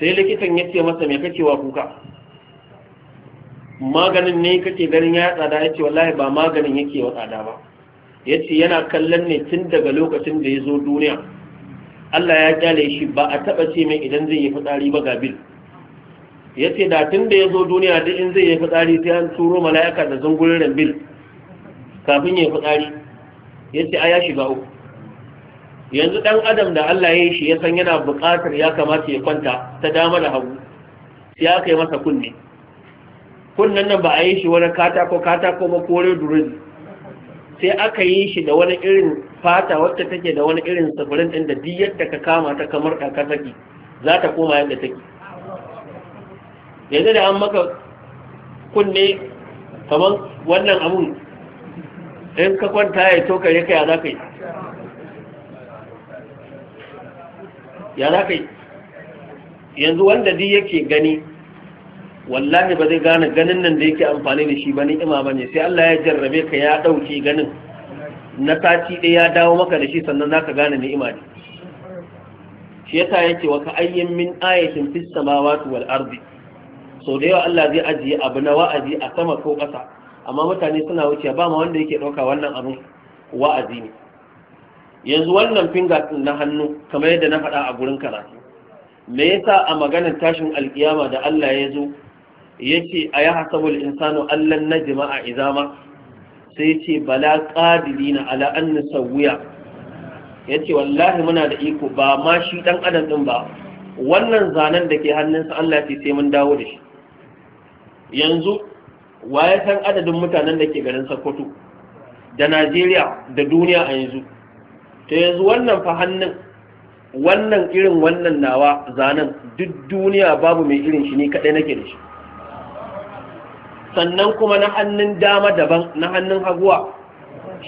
sai likitan ya ce masa me kacewa kuka maganin ne kake ganin ya tsada ya ce wallahi ba maganin yake wa tsada ba ya ce yana kallon ne tun daga lokacin da ya zo duniya Allah ya kyale shi ba a taɓa ce mai idan zai yi fitsari ba ga bil ya ce da tun da ya zo duniya da in zai yi fitsari sai an turo malayaka da zungurin bil kafin ya yi fitsari ya ce a ya shiga uku yanzu ɗan adam da Allah ya yi shi ya san yana buƙatar ya kamata ya kwanta ta dama da hagu sai aka yi masa kunne kunnen nan ba a yi shi wani katako katako ba kore durin sai aka yi shi da wani irin fata wacce take da wani irin safarin ɗin da duk yadda ka kama ta kamar ɗaka saki za ta koma yadda take yanzu da an maka kunne kamar wannan abun in ka kwanta ya tokare kai a za ka yi ya za ka yi yanzu wanda di yake gani wallahi ba zai gane ganin nan da yake amfani da shi ba ni'ima ne sai Allah ya jarrabe ka ya ɗauke ganin na sati ɗaya ya dawo maka da shi sannan za ka gane ni'ima ne shi yasa yake wa ka ayyin min ayatin fis samawati wal ardi so da yawa Allah zai ajiye abu na wa'azi a sama ko ƙasa amma mutane suna wuce ba ma wanda yake ɗauka wannan abin wa'azi ne yanzu wannan finger din na hannu kamar yadda na faɗa a gurin karatu me yasa a maganar tashin alkiyama da Allah ya zo yace aya hasabul insanu allan a izama sai yace bala qadilina ala an nasawiya yace wallahi muna da iko ba ma shi dan adam din ba wannan zanen da ke hannunsa Allah ce sai mun dawo da shi yanzu waye san adadin mutanen da ke garin Sokoto da Najeriya da duniya a yanzu to yanzu wannan fa hannun wannan irin wannan nawa zanen duk duniya babu mai irin shi ne kaɗai nake da shi sannan kuma na hannun dama daban na hannun haguwa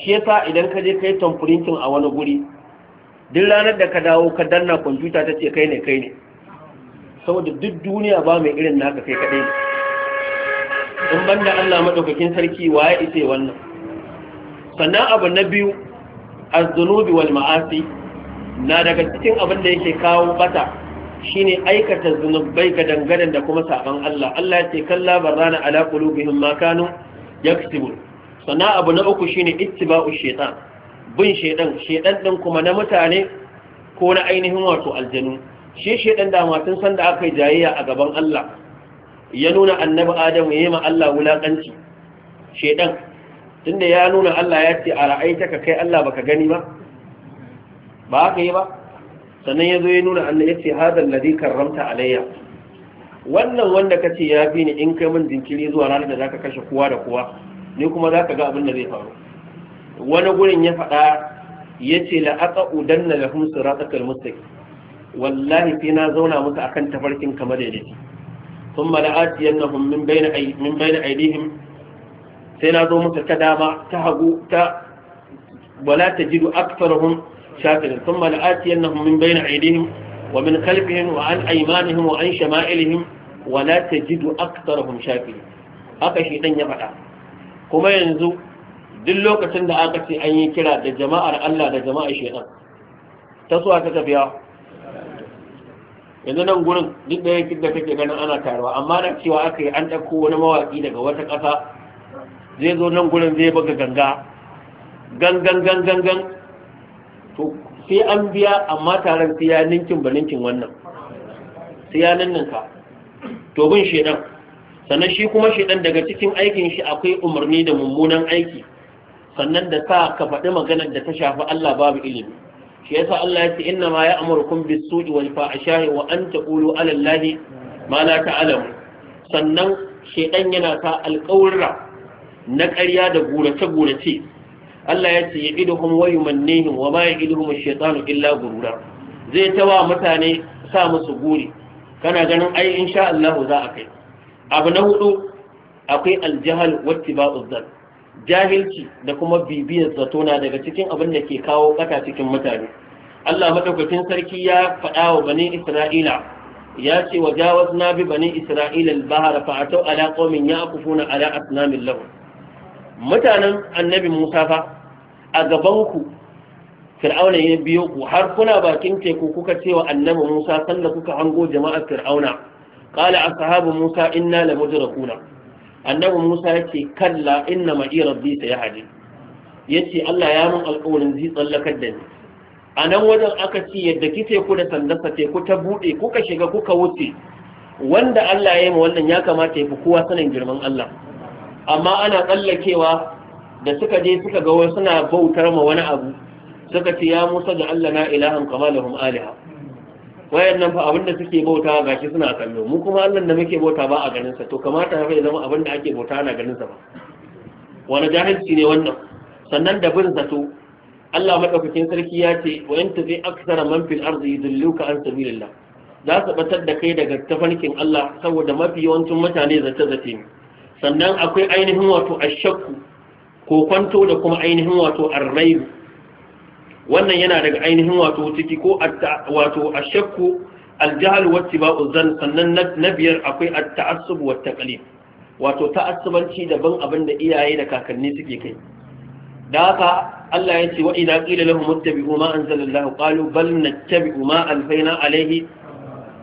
shi yasa idan ka je kai tamfurinkin a wani guri duk ranar da ka dawo ka danna kwamfuta ta ce kai ne kai ne saboda duk duniya ba mai irin naka kai kaɗai ne in banda Allah maɗaukakin sarki waye ise wannan sannan abu na biyu az wal ma'asi na daga cikin abin da yake kawo bata shine aikata zunubai ga dangane da kuma saban Allah Allah yake kalla barrana ala qulubihim ma kanu yaksibun sana abu na uku shine ittiba'u shaytan bin shaydan shaydan din kuma na mutane ko na ainihin wato aljanu shi shaydan da matan san da aka yi jayayya a gaban Allah ya nuna annabi Adam ya yi ma Allah wulakanci shaydan tunda ya nuna Allah ya ce a ra'aitaka kai Allah baka gani ba ba ka yi ba sannan ya zo ya nuna Allah ya ce hadal karramta alayya wannan wanda kace ya bi ni in kai min jinkiri zuwa ranar da zaka kashe kowa da kowa ni kuma zaka ga abin da zai faru wani gurin ya faɗa yace la aqudanna lahum siratakal mustaqim wallahi sai na zauna musu akan tafarkin kamar da yake ثم لآتينهم من بين أي من بين أيديهم sai na zo maka ta dama ta hagu ta wala ta tajidu aktharuhum shakirin thumma la'atiyannahum min bayni aydihim wa min khalfihim wa an aymanihim wa an shama'ilihim wala ta jidu aktharuhum shakirin haka shi dan ya faɗa kuma yanzu duk lokacin da aka ce an yi kira da jama'ar Allah da jama'ar shaitan ta suwa ta tafiya yanzu nan gurin duk da yake da kake ganin ana taruwa amma da cewa aka yi an ɗauko wani mawaƙi daga wata ƙasa zai zo nan gurin zai buga ganga gangan gangan to sai an biya amma taron sai ya ninkin ba ninkin wannan sai ya ninninka to bin shedan sannan shi kuma shedan daga cikin aikin shi akwai umarni da mummunan aiki sannan da sa ka faɗi maganar da ta shafi Allah babu ilimi shi yasa Allah ya ce inna ma ya'murukum bis-su'i wal fa'ashahi wa an taqulu 'ala Allahi ma la ta'lamu sannan shedan yana ta alƙawurra na ƙarya da gurace-gurace Allah ya ce ya iduhum wa yumannihim wa ma ya'iduhum ash-shaytanu illa gurura zai wa mutane sa musu guri kana ganin ai sha Allah za a kai abu na hudu akwai al wacce ba ittiba'u jahilci da kuma bibiyar zato na daga cikin abin da ke kawo kata cikin mutane Allah madaukakin sarki ya faɗa wa bani Isra'ila ya ce wa jawazna bi bani Isra'ila al-bahra fa atau ala qaumin yaqufuna ala asnamin lahum mutanen annabi Musa fa a gabanku fir'auna ya biyo ku har kuna bakin teku kuka cewa annabi Musa sanda kuka hango jama'ar fir'auna qala ashabu Musa inna la mudrakuna annabi Musa yake kalla inna ma'i rabbi sayahdi yace Allah ya mun alƙawarin zai tsallakar da ni a nan wajen aka ce yadda kike ku da sandarsa teku ta bude kuka shiga kuka wuce wanda Allah ya yi ma wannan ya kamata ya fi kowa sanin girman Allah amma ana tsallakewa da suka je suka ga wani suna bautar ma wani abu suka ce ya Musa da Allah na ilahan kama lahum aliha wayannan fa abinda suke bauta gashi suna kallo mu kuma Allah da muke bauta ba a ganin sa to kamata fa ya zama abinda ake bauta ana ganin sa ba wani jahilci ne wannan sannan da bin zato Allah madaukakin sarki ya ce wa in tafi aksara man fil ardi yudilluka an sabilillah za su batar da kai daga tafarkin Allah saboda mafi yawancin mutane zata zace ne sannan akwai ainihin wato ashakku ko kwanto da kuma ainihin wato arraibu wannan yana daga ainihin wato ciki ko wato ashakku aljahal wattiba'u zan sannan na biyar akwai at-ta'assub wa wato ta'assubanci daban abin da iyaye da kakanni suke kai da haka Allah ya ce wa idza qila lahum ittabi'u ma anzalallahu qalu bal nattabi'u ma alfayna alayhi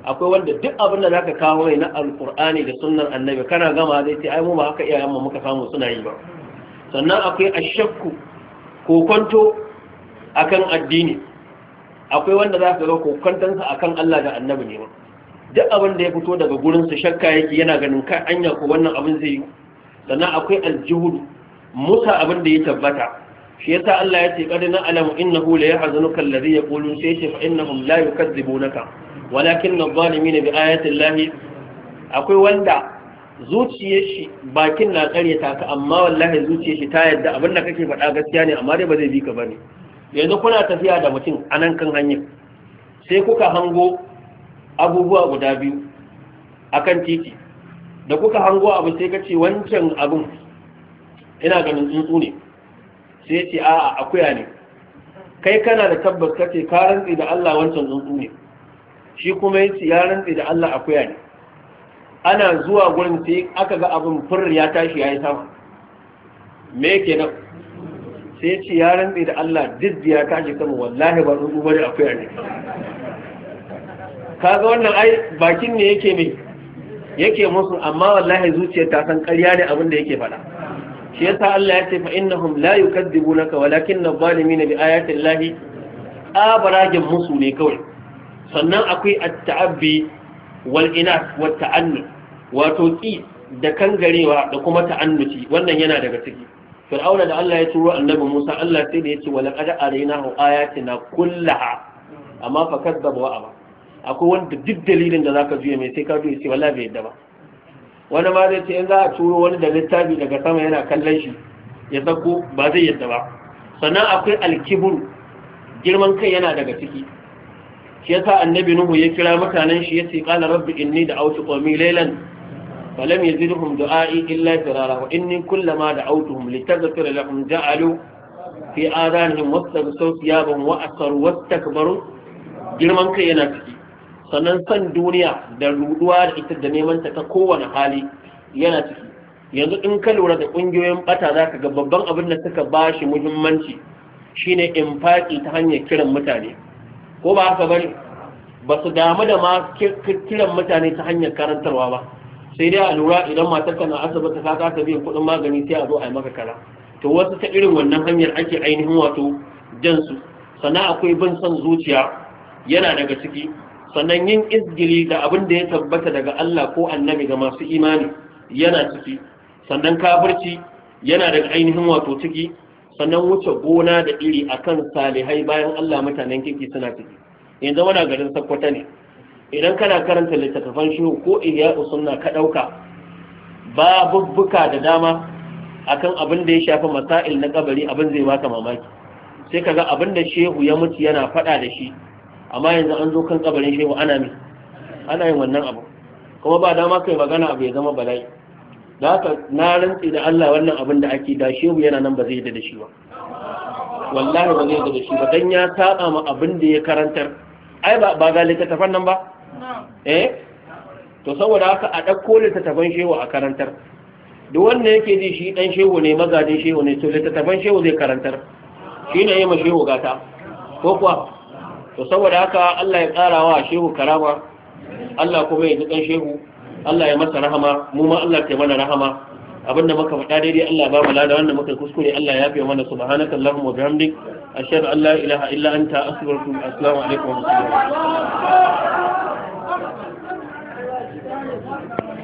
akwai wanda duk abin da zaka kawo mai na alqur'ani da sunnan annabi kana gama zai ce ai mu ba haka iyayen mu muka samu suna yi ba sannan akwai ashakku kokonto akan addini akwai wanda za ka ga kokontansa akan Allah da annabi ne ba duk abin da ya fito daga gurin shakka yake yana ganin kai anya ko wannan abin zai yi sannan akwai aljuhud musa abin da ya tabbata shi yasa Allah ya ce qad na'lamu innahu la yahzunuka alladhi yaqulun sai ce fa innahum la yukadzibunaka walakin na zalimi na bi ayatin lahi akwai wanda zuciyar shi bakin na karyata ka amma wallahi zuciyar shi ta yadda abin da kake faɗa gaskiya ne amma dai ba zai bi ka bane yanzu kuna tafiya da mutum a nan kan hanyar sai kuka hango abubuwa guda biyu A kan titi da kuka hango abu sai ka ce wancan abin ina ganin tsuntsu ne sai ce a'a akuya ne kai kana da tabbas kace ka rantsi da Allah wancan tsuntsu ne shi kuma ya ce ya rantse da Allah kuya ne ana zuwa gurin sai aka ga abin fur ya tashi ya yi sama me ke nan sai ya ce ya rantse da Allah duk ya tashi sama wallahi ba bari a kuya ne kaga wannan ai bakin ne yake me yake musu amma wallahi zuciyar ta san ƙarya ne abin da yake faɗa shi yasa Allah ya ce fa innahum la yukaddibunaka walakin adh-dhalimin bi ayati llahi abarajin musu ne kawai sannan akwai at-ta'abbi wal inas wa ta'annu wato ki da kangarewa da kuma ta'annuci wannan yana daga ciki fir'auna da Allah ya turo annabi Musa Allah sai da yace wala qad araynahu ayatina kullaha amma fa kadzaba wa aba akwai wanda duk dalilin da zaka juye mai sai ka ji sai wallahi bai yadda ba wani ma zai ce in za a turo wani da littafi daga sama yana kallon shi ya zako ba zai yadda ba sannan akwai alkibur girman kai yana daga ciki shi yasa annabi nuhu ya kira mutanen shi yace qala rabbi inni da'awtu qawmi laylan falam yazidhum du'a'i illa firara wa inni kullama da'awtuhum litaghfira lahum ja'alu fi adanihim wastaghsaw thiyabahum wa asaru wastakbaru girman kai yana ciki sannan san duniya da ruduwa da ita da neman ta kowane hali yana ciki yanzu in ka lura da ƙungiyoyin bata za ka ga babban abin da suka bashi shi muhimmanci shine infaki ta hanyar kiran mutane ko ba haka bane ba su damu da ma kiran mutane ta hanyar karantarwa ba sai dai a lura idan matar kana asibiti ka ta biyan kuɗin magani sai a zo a yi maka kara to wasu ta irin wannan hanyar ake ainihin wato jan su sannan akwai bin son zuciya yana daga ciki sannan yin izgili da abin da ya tabbata daga Allah ko annabi ga masu imani yana ciki sannan kafirci yana daga ainihin wato ciki sannan wuce gona da iri akan salihai bayan Allah mutanen kirki suna ciki yanzu muna garin sakkwata ne idan kana karanta littattafan shehu ko iya usunna ka ɗauka bubbuka da dama akan abin da ya shafi masail na kabari abin zai baka mamaki sai kaga abin da shehu ya mutu yana faɗa da shi amma yanzu an zo kan kabarin shehu ana ana yin wannan abu kuma ba dama kai magana abu ya zama bala'i da haka na rantse da Allah wannan abin da ake da shehu yana nan ba zai yadda da shi ba wallahi ba zai yadda da shi ba dan ya saba ma abin da ya karantar ai ba ba ga littattafan nan ba eh to saboda haka a ɗauko littattafan shehu a karantar duk wanda yake ji shi ɗan shehu ne magajin shehu ne to littattafan shehu zai karantar shi ne yi ma shehu gata ko kuwa to saboda haka Allah ya karawa wa shehu karama Allah kuma ya ji ɗan shehu Allah ya masa rahama mu ma Allah ya mana rahama abinda muka faɗa daidai Allah ba mu lada wanda muka kuskure Allah ya fiye mana subhanaka allahumma wa bihamdik ashhadu an la ilaha illa anta astaghfiruka wa assalamu alaikum wa rahmatullahi